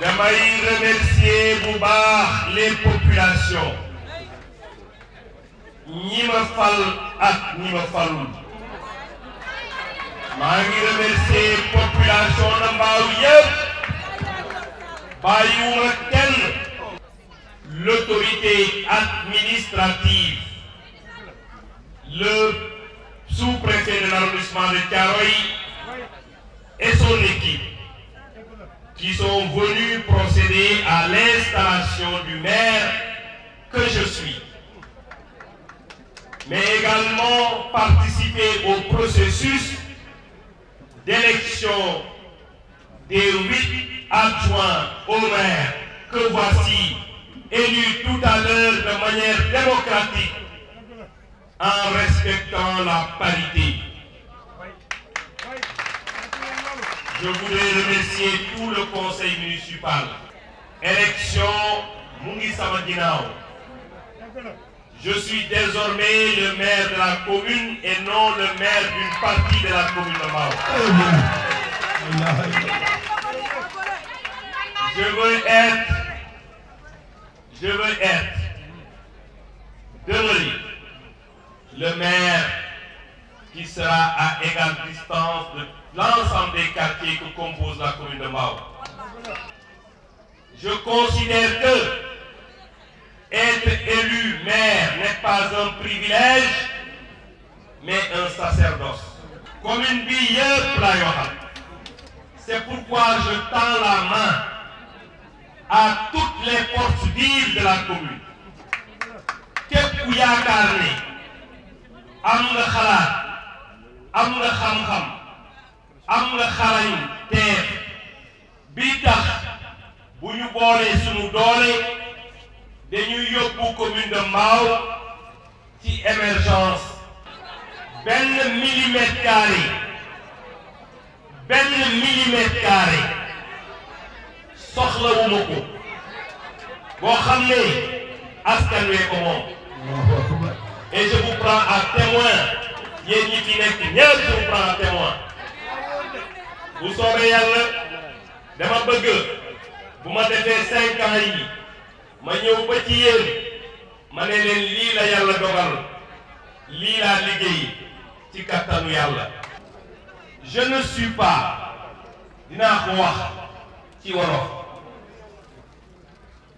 damay remercier bu les populations Je remercie fal ak remercier population populations de yëpp l'autorité administrative le sous-préfet de l'arrondissement de Karaï et son équipe qui sont venus procéder à l'installation du maire que je suis, mais également participer au processus d'élection des huit adjoints au maire que voici élus tout à l'heure de manière démocratique en respectant la parité. je voudrais remercier tout le conseil municipal élection Mungi je suis désormais le maire de la commune et non le maire d'une partie de la commune de je veux être je veux être devenu le maire qui sera à égale distance de l'ensemble des quartiers que compose la commune de Mao. Je considère que être élu maire n'est pas un privilège, mais un sacerdoce. Comme une Billeur C'est pourquoi je tends la main à toutes les forces vives de la commune. Que ku yaakaar am nga xam-xam am Bita, Bouyoubore et bi tax bu ñu suñu doole dañuy commune de Mao, ci émergence benn millimètre carré benn millimètre carré soxlawuma ko boo xam ne askan wee ko moom et je vous prends à témoin yéen ñi fi nekk ñëpp pour prendre témoin bu soobee yàlla dama bëgg bu ma defee cinq ans yi ma ñëw ba ci yéen ma ne leen lii la yàlla dogal lii laa liggéey ci kattanu yàlla je ne suis pas dinaa ko wax ci wolof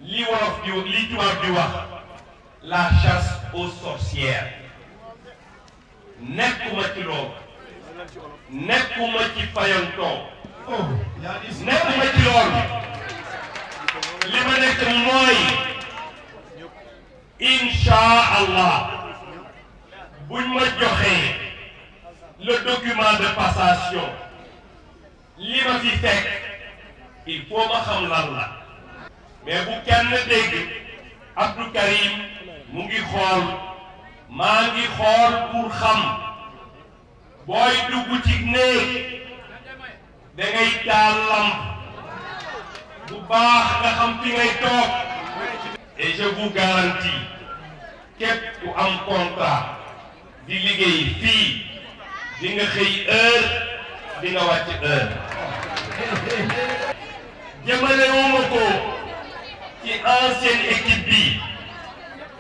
li wolof di li tubaab di wax la chasse aux sorcières nekuma ci loolu nekuma ci fayantoo nekuma ci loolu li ma nekk mooy insha allah buñ ma joxee le document de passation li ma fi fekk il faut ma xam lan la mais bu kenn dégg Abdou Karim mu ngi xool maa ngi xool pour xam booy dugg ci néeg da ngay taal bu baax nga xam ngay toog et je vous képp ku am contrat di liggéey fii di nga xëy heure di nga wàcc heure jëmale wu ma ko ci ancienne équipe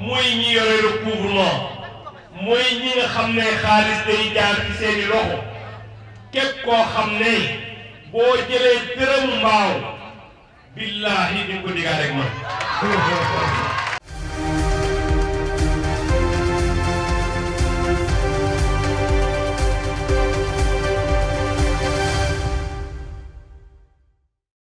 muy ñi yore recouvrement mooy ñi nga xam ne xaalis day jaar ci seeni loxo képp koo xam ne boo jëlee dërëm mbaaw billaahi di nga ko digaa rek man